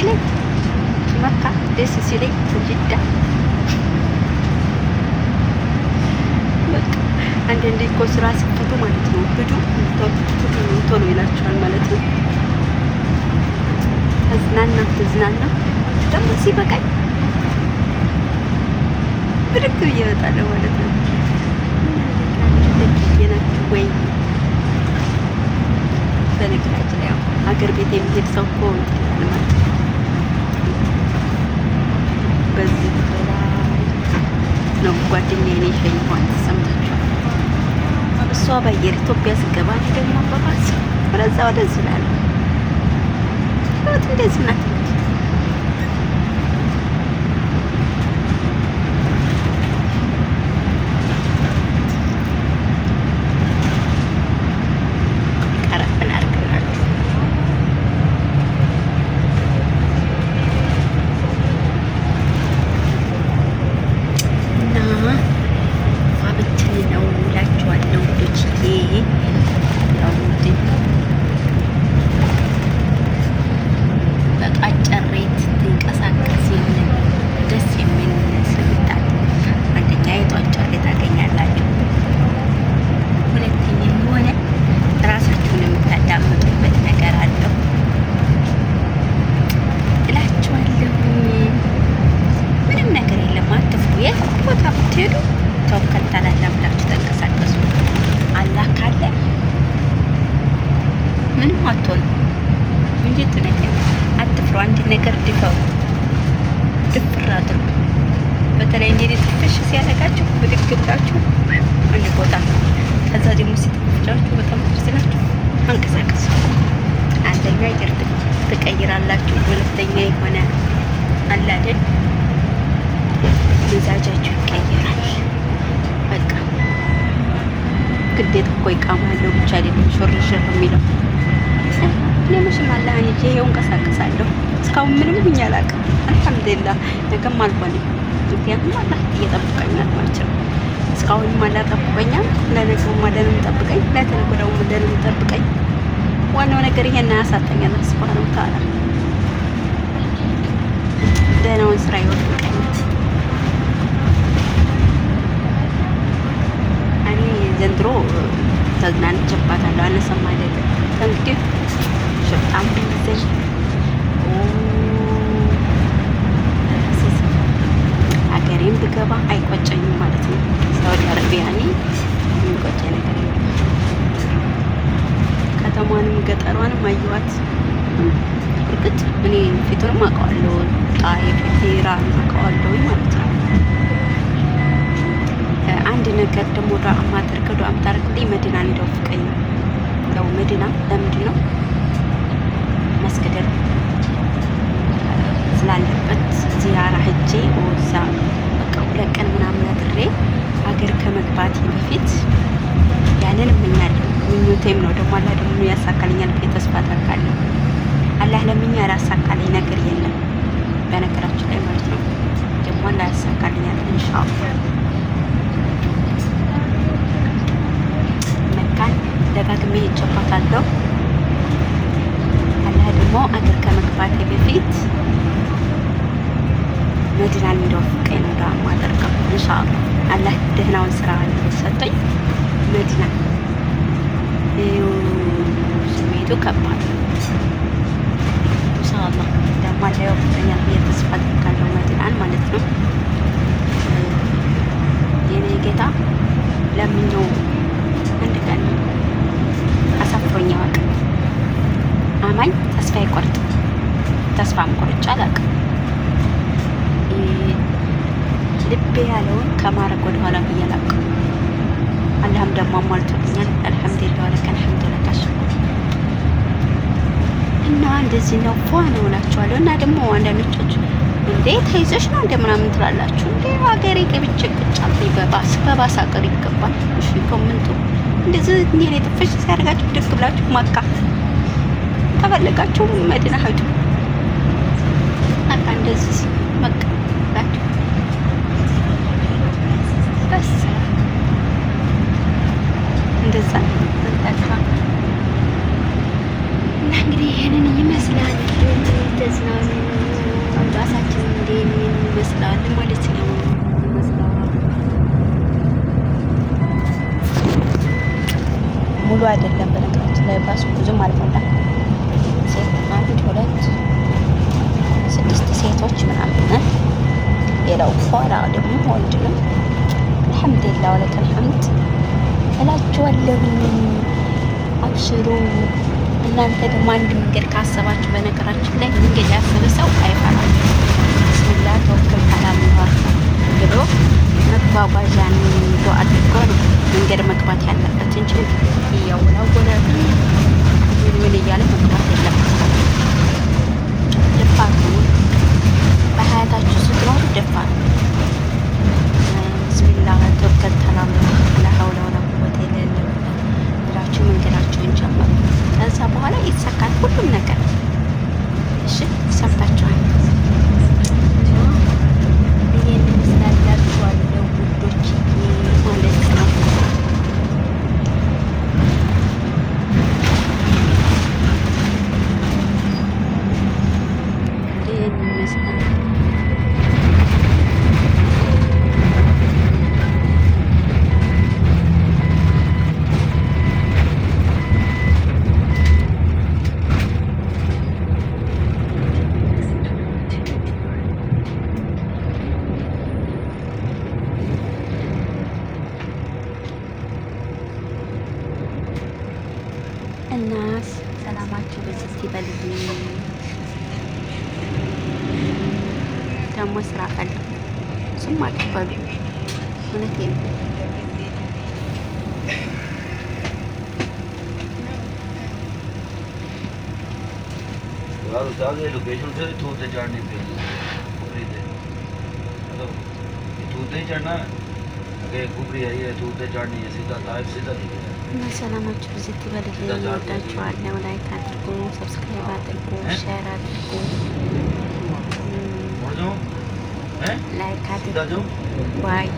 ሲለኝ መካ፣ ደስ ሲለኝ ጅዳ። አንዳንዴ እኮ ስራ ሲፈቱ ማለት ነው ሂዱ ቶሎ ይላቸዋል ማለት ነው። ተዝናና ተዝናና ደግሞ ሲበቃኝ ብድግ ብዬ እወጣለሁ ማለት ነው። ወይ በነገራችን ላይ ሀገር ቤት የሚሄድ ሰው እኮ ማለት ነው በዚህ ነው ጓደኛ እኔ ሸኝኋን ተሰምታችኋል። እሷ በአየር ኢትዮጵያ ስገባ ደግሞ በባስ ወደዛ ወደዚህ ላለ ህይወት እንደዚህ ናት። ነገር ድፈው ድፍር አድርጉ። በተለይ እንደ ትንሽ ሲያነቃችሁ ብድግ ብላችሁ አንድ ቦታ ከዛ ደግሞ ሲጠፍጫችሁ በጣም ስላችሁ አንቀሳቀሱ። አንደኛ አየር ትቀይራላችሁ፣ ሁለተኛ የሆነ አላደል መዛጃችሁ ይቀየራል። በቃ ግዴታ እኮ ይቃማ ያለው ብቻ አይደለም ሾርሽር የሚለው እኔ መሽም አለ አንጄ ይኸው እንቀሳቀሳለሁ እስካሁን ምንም ሁኝ አላውቅም። አልሐምዱሊላህ ነገም ምክንያቱም አላህ እየጠብቀኛል ማለት ነው። ጠብቀኛል። ጠብቀኝ፣ ጠብቀኝ። ዋናው ነገር ይሄን ወተዓላ ደህናውን ስራ ይወድቀኝ ሀገሬም ብገባ አይቆጨኝም ማለት ነው። ሳውዲ አረቢያ እኔ የሚቆጨኝ ነገር የለም። ከተማንም ገጠሯንም አየዋት እርግጥ እኔ ፊቱንም አውቀዋለሁ፣ ጣይፍ ቴራን አውቀዋለሁ ማለት ነው። አንድ ነገር ደግሞ ዱዓ የማደርገው ዱዓ የምታደርግልኝ መዲና እንደው ነው። ያው መዲና ለምንድን ነው መስገደር ስላለበት ነው ያሳካልኛል ብዬ ተስፋ አደርጋለሁ። አላህ ለምኝ ያላሳካልኝ ነገር የለም። በነገራችን ላይ ማለት ነው ደግሞ አላህ ያሳካልኛል ኢንሻአላህ። መካን ደጋግሜ ይጨባታለሁ። አላህ ደግሞ አገር ከመግባቴ በፊት መድናል እንደወፍቀኝ ነው ዳ ማደርገው ኢንሻአላህ። አላህ ደህናውን ስራ ሰጠኝ መድናል ስሜቱ ከባድ ነው። ኢንሻአላህ እንደማለው ብኛ ተስፋ አደርጋለሁ መዲናን ማለት ነው። የኔ ጌታ ለምኛው አንድ ቀን አሳፍሮኝ አያውቅም። አማኝ ተስፋ አይቆርጥም። ተስፋም ቆርጬ አላውቅም። ልቤ ያለውን ከማድረግ ወደኋላ ብዬ አላውቅም። አላህም ደግሞ አሟልቶልኛል። አልሐምዱሊላህ ለከ አልሐምዱሊላህ ታሽኩ እና እንደዚህ ነው ፏ ነው እላችኋለሁ። እና ደግሞ አንዳንዶች እንዴ ተይዘሽ ነው እንደ ምናምን ትላላችሁ። እንዴ ሀገሬ ገብቼ ቁጭ አልኩኝ በባስ በባስ ሀገር ይገባል። እሺ ኮምንቱ እንደዚህ እኔ ላይ ጥፍሽ ሲያደርጋችሁ ደግ ብላችሁ መካ ተፈለጋችሁ መዲና ሀይቱ በቃ እንደዚህ መካ ሙሉ አይደለም በነገራችን ላይ ባሱ ብዙም አልሞላም። ሴት አንድ ሁለት ስድስት ሴቶች ምናምን ሌላው ፏራ ደግሞ ወንድ ነው። አልሐምዱሊላህ ወለከል ሐምድ እላችኋለሁ። አብሽሩ እናንተ ደግሞ አንድ መንገድ ካሰባችሁ በነገራችን ላይ መንገድ ያሰበ ሰው አይፈራም። ብስሚላ ተወክል አላምኗል ብሎ መጓጓዣ ሚዶ አድርጓ መንገድ መግባት ያለበት እንጂ እያወላወለ ምን ምን እያለ መግባት የለበት። ደፋር ነው። በሀያታችሁ ስትኖሩ ደፋር ነው። እና ሰላማችሁ በስስ ይበልልኝ። ደግሞ ስራ ፈለጉ ስም አልቀበሉ። እውነቴ ነው። लोकेशन से तूते चढ़नी तूते चढ़ना अगर कुबरी आई है तूते चढ़नी है सीधा लाइफ सीधा दिखेगा እና ሰላማችሁ ብዙ ይበልልኝ። እወዳችኋለሁ። ላይክ አድርጉ፣ ሰብስክራይብ አድርጉ፣ ሼር አድርጉ፣ ላይክ አድርጉ። ባይ